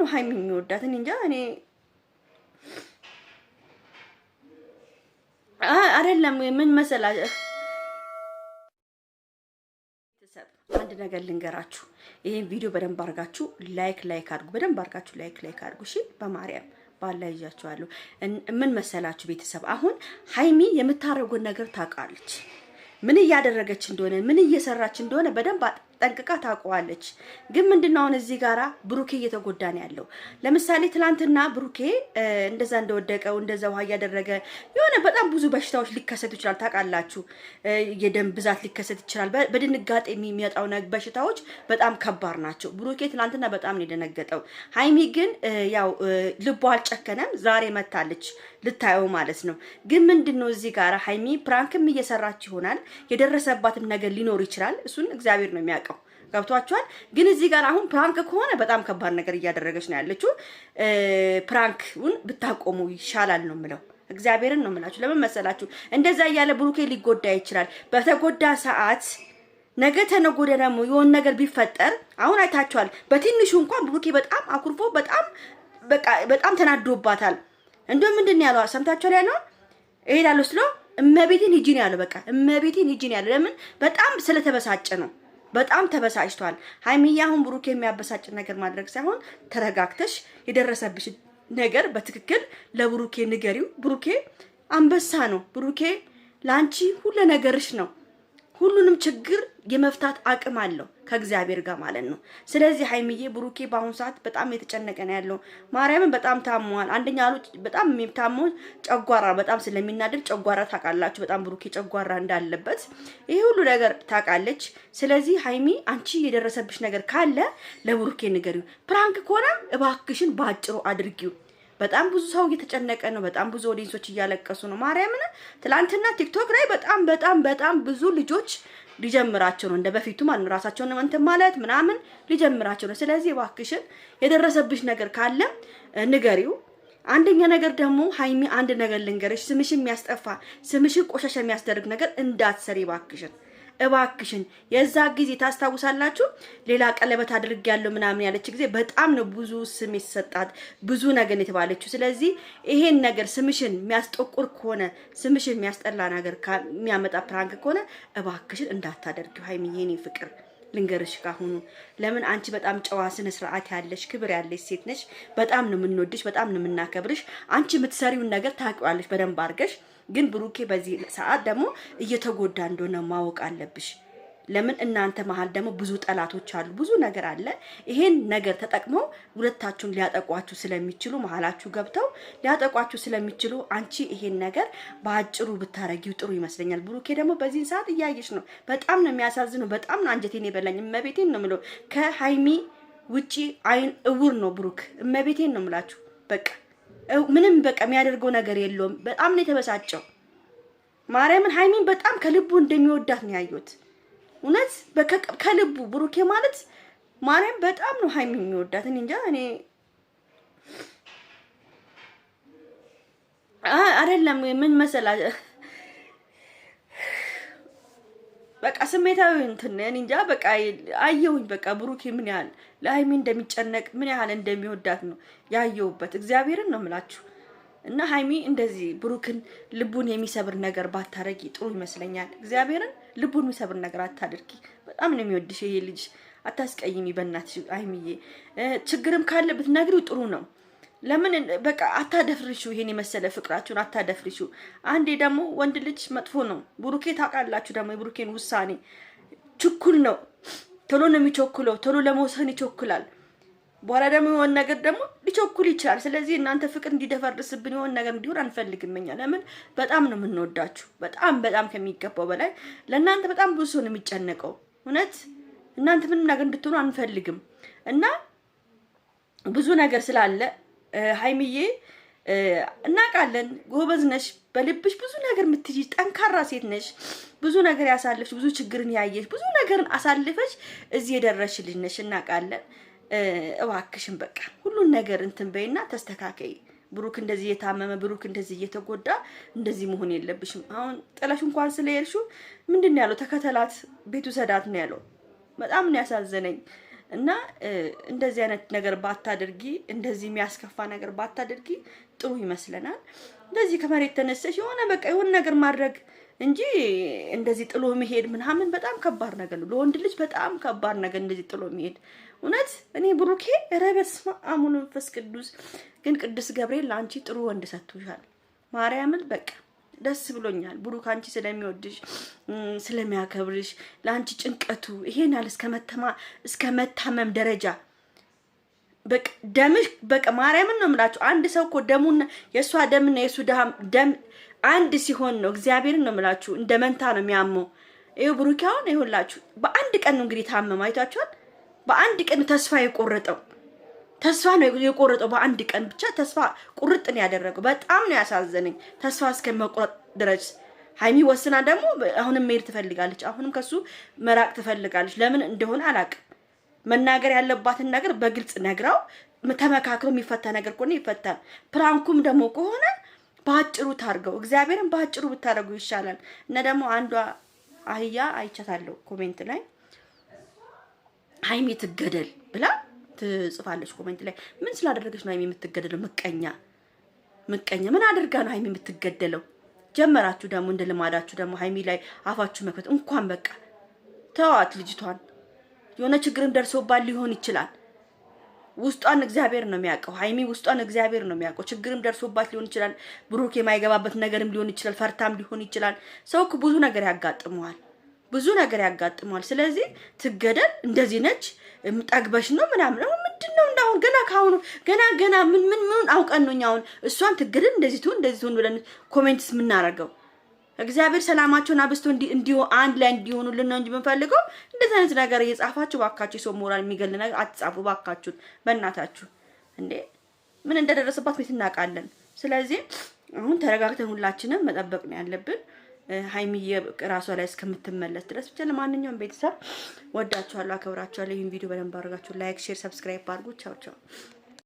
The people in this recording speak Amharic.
ነው ሀይሚ የሚወዳት። እኔ እንጃ እኔ አይደለም ምን መሰላ አንድ ነገር ልንገራችሁ። ይሄን ቪዲዮ በደንብ አድርጋችሁ ላይክ ላይክ አድርጉ። በደንብ አድርጋችሁ ላይክ ላይክ አድርጉ። እሺ በማርያም ባላ ይዣችኋለሁ። ምን መሰላችሁ ቤተሰብ፣ አሁን ሀይሚ የምታደርጉን ነገር ታውቃለች። ምን እያደረገች እንደሆነ ምን እየሰራች እንደሆነ በደንብ ጠንቅቃ ታውቀዋለች። ግን ምንድነው አሁን እዚህ ጋራ ብሩኬ እየተጎዳ ነው ያለው። ለምሳሌ ትናንትና ብሩኬ እንደዛ እንደወደቀው እንደዛ ውሃ እያደረገ የሆነ በጣም ብዙ በሽታዎች ሊከሰት ይችላል። ታውቃላችሁ፣ የደም ብዛት ሊከሰት ይችላል። በድንጋጤ የሚመጣው በሽታዎች በጣም ከባድ ናቸው። ብሩኬ ትላንትና በጣም ነው የደነገጠው። ሀይሚ ግን ያው ልቦ አልጨከነም። ዛሬ መታለች ልታየው ማለት ነው። ግን ምንድነው እዚህ ጋራ ሀይሚ ፕራንክም እየሰራች ይሆናል። የደረሰባትም ነገር ሊኖር ይችላል። እሱን እግዚአብሔር ነው የሚያውቅ የምትለቀው። ገብቷቸዋል። ግን እዚህ ጋር አሁን ፕራንክ ከሆነ በጣም ከባድ ነገር እያደረገች ነው ያለችው። ፕራንክውን ብታቆሙ ይሻላል ነው የምለው። እግዚአብሔርን ነው የምላችሁ። ለምን መሰላችሁ? እንደዛ እያለ ብሩኬ ሊጎዳ ይችላል። በተጎዳ ሰዓት ነገ ተነጎደ ደግሞ የሆን ነገር ቢፈጠር አሁን አይታችኋል። በትንሹ እንኳን ብሩኬ በጣም አኩርፎ በጣም በጣም ተናዶባታል። እንዲሁ ምንድን ነው ያለው? ሰምታችኋል? ያለውን እሄዳለሁ ስለው እመቤቴን ሂጂ ነው ያለው። በቃ እመቤቴን ሂጂ ነው ያለው። ለምን በጣም ስለተበሳጨ ነው። በጣም ተበሳጭቷል። ሀይሚዬ አሁን ብሩኬ የሚያበሳጭ ነገር ማድረግ ሳይሆን ተረጋግተሽ የደረሰብሽ ነገር በትክክል ለብሩኬ ንገሪው። ብሩኬ አንበሳ ነው። ብሩኬ ለአንቺ ሁለ ነገርሽ ነው። ሁሉንም ችግር የመፍታት አቅም አለው ከእግዚአብሔር ጋር ማለት ነው። ስለዚህ ሀይሚዬ ብሩኬ በአሁኑ ሰዓት በጣም የተጨነቀ ነው ያለው። ማርያምን በጣም ታመዋል። አንደኛ አሉ በጣም ታሞ ጨጓራ በጣም ስለሚናደድ ጨጓራ ታውቃላችሁ፣ በጣም ብሩኬ ጨጓራ እንዳለበት ይህ ሁሉ ነገር ታውቃለች። ስለዚህ ሀይሚ አንቺ የደረሰብሽ ነገር ካለ ለብሩኬ ንገሪው። ፕራንክ ከሆነ እባክሽን በአጭሩ አድርጊው። በጣም ብዙ ሰው እየተጨነቀ ነው። በጣም ብዙ ኦዲንሶች እያለቀሱ ነው። ማርያምን ትላንትና ቲክቶክ ላይ በጣም በጣም በጣም ብዙ ልጆች ሊጀምራቸው ነው እንደ በፊቱ ማለት ራሳቸውን እንትን ማለት ምናምን ሊጀምራቸው ነው። ስለዚህ እባክሽን የደረሰብሽ ነገር ካለ ንገሪው። አንደኛ ነገር ደግሞ ሀይሚ፣ አንድ ነገር ልንገርሽ፣ ስምሽ የሚያስጠፋ ስምሽ ቆሻሻ የሚያስደርግ ነገር እንዳትሰሪ እባክሽን። እባክሽን የዛ ጊዜ ታስታውሳላችሁ፣ ሌላ ቀለበት አድርግ ያለው ምናምን ያለች ጊዜ በጣም ነው ብዙ ስም የተሰጣት ብዙ ነገር የተባለችው። ስለዚህ ይሄን ነገር ስምሽን የሚያስጠቁር ከሆነ ስምሽን የሚያስጠላ ነገር የሚያመጣ ፕራንክ ከሆነ እባክሽን እንዳታደርጊው ሀይሚዬ፣ የኔ ፍቅር ልንገርሽ ካሁኑ ለምን አንቺ በጣም ጨዋ ስነ ስርዓት ያለሽ ክብር ያለሽ ሴት ነሽ። በጣም ነው የምንወድሽ፣ በጣም ነው የምናከብርሽ። አንቺ የምትሰሪውን ነገር ታውቂዋለሽ በደንብ አድርገሽ። ግን ብሩኬ በዚህ ሰዓት ደግሞ እየተጎዳ እንደሆነ ማወቅ አለብሽ። ለምን እናንተ መሀል ደግሞ ብዙ ጠላቶች አሉ፣ ብዙ ነገር አለ። ይሄን ነገር ተጠቅመው ሁለታችሁን ሊያጠቋችሁ ስለሚችሉ መሀላችሁ ገብተው ሊያጠቋችሁ ስለሚችሉ አንቺ ይሄን ነገር በአጭሩ ብታረጊው ጥሩ ይመስለኛል። ብሩኬ ደግሞ በዚህን ሰዓት እያየች ነው። በጣም ነው የሚያሳዝነው። በጣም ነው አንጀቴን የበላኝ። እመቤቴን ነው የምለው። ከሀይሚ ውጪ አይን እውር ነው ብሩክ። እመቤቴን ነው የምላችሁ። በቃ ምንም በቃ የሚያደርገው ነገር የለውም። በጣም ነው የተበሳጨው። ማርያምን ሀይሚን በጣም ከልቡ እንደሚወዳት ነው ያየሁት። እውነት ከልቡ ብሩኬ ማለት ማርያም በጣም ነው ሀይሚ የሚወዳት። እኔ እንጃ እኔ አይደለም ምን መሰላ በቃ ስሜታዊ እንትን እኔ እንጃ በቃ አየሁኝ። በቃ ብሩኬ ምን ያህል ለሀይሚ እንደሚጨነቅ ምን ያህል እንደሚወዳት ነው ያየሁበት። እግዚአብሔርን ነው የምላችሁ። እና ሀይሚ እንደዚህ ብሩክን ልቡን የሚሰብር ነገር ባታረጊ ጥሩ ይመስለኛል። እግዚአብሔርን ልቡን የሚሰብር ነገር አታድርጊ። በጣም ነው የሚወድሽ ይሄ ልጅ። አታስቀይሚ በእናትሽ ሀይሚዬ። ችግርም ካለበት ነግሪው ጥሩ ነው። ለምን በቃ አታደፍርሹ፣ ይሄን የመሰለ ፍቅራችሁን አታደፍርሹ። አንዴ ደግሞ ወንድ ልጅ መጥፎ ነው። ብሩኬ ታውቃላችሁ ደግሞ የብሩኬን ውሳኔ ችኩል ነው። ቶሎ ነው የሚቸኩለው። ቶሎ ለመውሰን ይቸኩላል። በኋላ ደግሞ የሆን ነገር ደግሞ ሊቸኩል ይችላል። ስለዚህ እናንተ ፍቅር እንዲደፈርስብን የሆን ነገር እንዲሆን አንፈልግም። እኛ ለምን በጣም ነው የምንወዳችሁ፣ በጣም በጣም ከሚገባው በላይ ለእናንተ በጣም ብዙ ሰው ነው የሚጨነቀው። እውነት እናንተ ምንም ነገር እንድትሆኑ አንፈልግም እና ብዙ ነገር ስላለ ሀይምዬ እናውቃለን። ጎበዝ ነሽ፣ በልብሽ ብዙ ነገር የምትይ ጠንካራ ሴት ነሽ። ብዙ ነገር ያሳለፍሽ፣ ብዙ ችግርን ያየሽ፣ ብዙ ነገርን አሳልፈሽ እዚህ የደረስሽ ልጅ ነሽ። እናውቃለን። እባክሽን በቃ ሁሉን ነገር እንትን በይና ተስተካከይ። ብሩክ እንደዚህ እየታመመ ብሩክ እንደዚህ እየተጎዳ እንደዚህ መሆን የለብሽም። አሁን ጥለሽ እንኳን ስለሄድሽው ምንድን ነው ያለው? ተከተላት፣ ቤቱ ሰዳት ነው ያለው። በጣም ነው ያሳዘነኝ። እና እንደዚህ አይነት ነገር ባታደርጊ፣ እንደዚህ የሚያስከፋ ነገር ባታደርጊ ጥሩ ይመስለናል። እንደዚህ ከመሬት ተነሰሽ የሆነ በቃ የሆነ ነገር ማድረግ እንጂ እንደዚህ ጥሎ መሄድ ምናምን በጣም ከባድ ነገር ነው። ለወንድ ልጅ በጣም ከባድ ነገር እንደዚህ ጥሎ መሄድ እውነት እኔ ብሩኬ ረበስ አሙ መንፈስ ቅዱስ ግን ቅዱስ ገብርኤል ለአንቺ ጥሩ ወንድ ሰጥቶሻል። ማርያምን በቃ ደስ ብሎኛል። ብሩክ አንቺ ስለሚወድሽ ስለሚያከብርሽ፣ ለአንቺ ጭንቀቱ ይሄን ያህል እስከ መታመም ደረጃ በቃ ደምሽ በቃ ማርያምን ነው የምላችሁ። አንድ ሰው እኮ ደሙና የእሷ ደምና የእሱ ደም አንድ ሲሆን ነው እግዚአብሔርን ነው የምላችሁ እንደ መንታ ነው የሚያመው። ይኸው ብሩኪ አሁን ይኸውላችሁ በአንድ ቀን ነው እንግዲህ ታመም አይቷችኋል። በአንድ ቀን ተስፋ የቆረጠው ተስፋ ነው የቆረጠው። በአንድ ቀን ብቻ ተስፋ ቁርጥ ነው ያደረገው። በጣም ነው ያሳዘነኝ። ተስፋ እስከ መቁረጥ ድረስ ሀይሚ ወስና ደግሞ አሁንም መሄድ ትፈልጋለች። አሁንም ከሱ መራቅ ትፈልጋለች። ለምን እንደሆነ አላውቅም። መናገር ያለባትን ነገር በግልጽ ነግራው ተመካክሮ የሚፈታ ነገር ከሆነ ይፈታል። ፕራንኩም ደግሞ ከሆነ በአጭሩ ታርገው፣ እግዚአብሔርን በአጭሩ ብታደርጉ ይሻላል። እና ደግሞ አንዷ አህያ አይቻታለሁ ኮሜንት ላይ ሀይሚ ትገደል ብላ ትጽፋለች ኮሜንት ላይ። ምን ስላደረገች ነው ሀይሜ የምትገደለው? ምቀኛ ምቀኛ ምን አድርጋ ነው ሀይሚ የምትገደለው? ጀመራችሁ ደግሞ እንደ ልማዳችሁ ደግሞ ሀይሚ ላይ አፋችሁ መክፈት። እንኳን በቃ ተዋት ልጅቷን። የሆነ ችግርም ደርሶባት ሊሆን ይችላል። ውስጧን እግዚአብሔር ነው የሚያውቀው። ሀይሚ ውስጧን እግዚአብሔር ነው የሚያውቀው። ችግርም ደርሶባት ሊሆን ይችላል። ብሩክ የማይገባበት ነገርም ሊሆን ይችላል። ፈርታም ሊሆን ይችላል። ሰው እኮ ብዙ ነገር ያጋጥመዋል። ብዙ ነገር ያጋጥመዋል። ስለዚህ ትገደል፣ እንደዚህ ነች፣ ጠግበሽ ነው ምናምን። አሁን ምንድን ነው እንዳሁን ገና ከአሁኑ ገና ገና ምን ምን ምን አውቀን ነው አሁን እሷን ትገደል፣ እንደዚህ ትሁን፣ እንደዚህ ትሁን ብለን ኮሜንትስ የምናደርገው? እግዚአብሔር ሰላማቸውን አብስቶ እንዲሁ አንድ ላይ እንዲሆኑልን ነው እንጂ የምንፈልገው እንደዚህ አይነት ነገር እየጻፋችሁ ባካችሁ፣ የሰው ሞራል የሚገል ነገር አትጻፉ ባካችሁን፣ በእናታችሁ እንዴ ምን እንደደረሰባት ቤት እናውቃለን። ስለዚህ አሁን ተረጋግተን ሁላችንም መጠበቅ ነው ያለብን። ሀይሚዬ ራሷ ላይ እስከምትመለስ ድረስ ብቻ። ለማንኛውም ቤተሰብ ወዳችኋለሁ፣ አከብራችኋለሁ። ይህን ቪዲዮ በደንብ አድርጋችሁ ላይክ፣ ሼር፣ ሰብስክራይብ አድርጉ። ቻው ቻው።